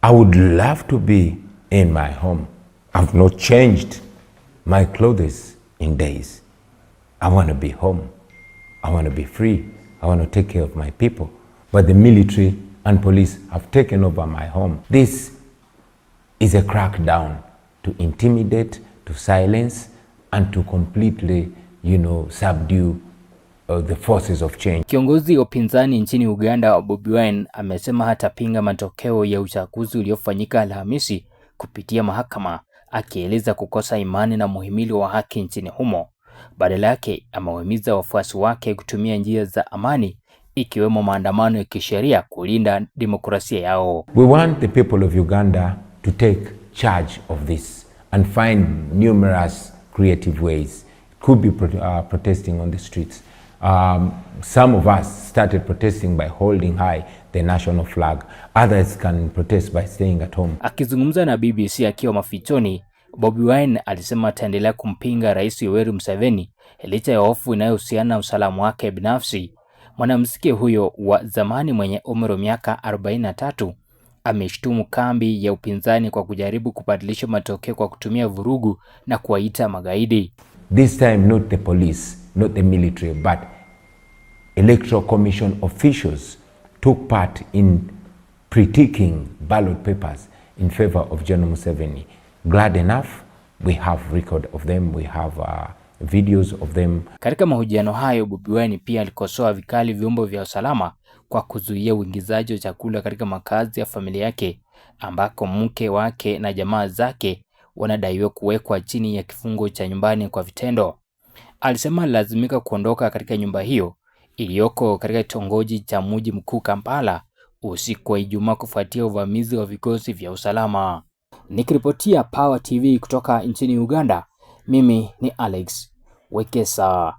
I would love to be in my home. I've not changed my clothes in days. I want to be home. I want to be free. I want to take care of my people. But the military and police have taken over my home. This is a crackdown to intimidate, to silence, and to completely, you know, subdue Uh, the forces of change. Kiongozi wa upinzani nchini Uganda Bobi Wine amesema hatapinga matokeo ya uchaguzi uliofanyika Alhamisi kupitia mahakama, akieleza kukosa imani na muhimili wa haki nchini humo. Badala yake amewahimiza wafuasi wake kutumia njia za amani ikiwemo maandamano ya kisheria kulinda demokrasia yao. We want the people of Uganda to take charge of this and find numerous creative ways. Could be uh, protesting on the streets. Um, some of us started protesting by holding high the national flag. Others can protest by staying at home. Akizungumza na BBC akiwa mafichoni, Bobi Wine alisema ataendelea kumpinga Rais Yoweri Museveni licha ya hofu inayohusiana na usalamu wake binafsi. Mwanamuziki huyo wa zamani mwenye umri wa miaka 43 ameshtumu kambi ya upinzani kwa kujaribu kubadilisha matokeo kwa kutumia vurugu na kuwaita magaidi. This time not the police not the military, but electoral commission officials took part in critiquing ballot papers in favor of General Museveni. Glad enough we have record of them, we have uh, videos of them. Katika mahojiano hayo, Bobi Wine pia alikosoa vikali vyombo vya usalama kwa kuzuia uingizaji wa chakula katika makazi ya familia yake ambako mke wake na jamaa zake wanadaiwa kuwekwa chini ya kifungo cha nyumbani kwa vitendo alisema alilazimika kuondoka katika nyumba hiyo iliyoko katika kitongoji cha mji mkuu Kampala usiku wa Ijumaa kufuatia uvamizi wa vikosi vya usalama. Nikiripotia Power TV kutoka nchini Uganda, mimi ni Alex Wekesa.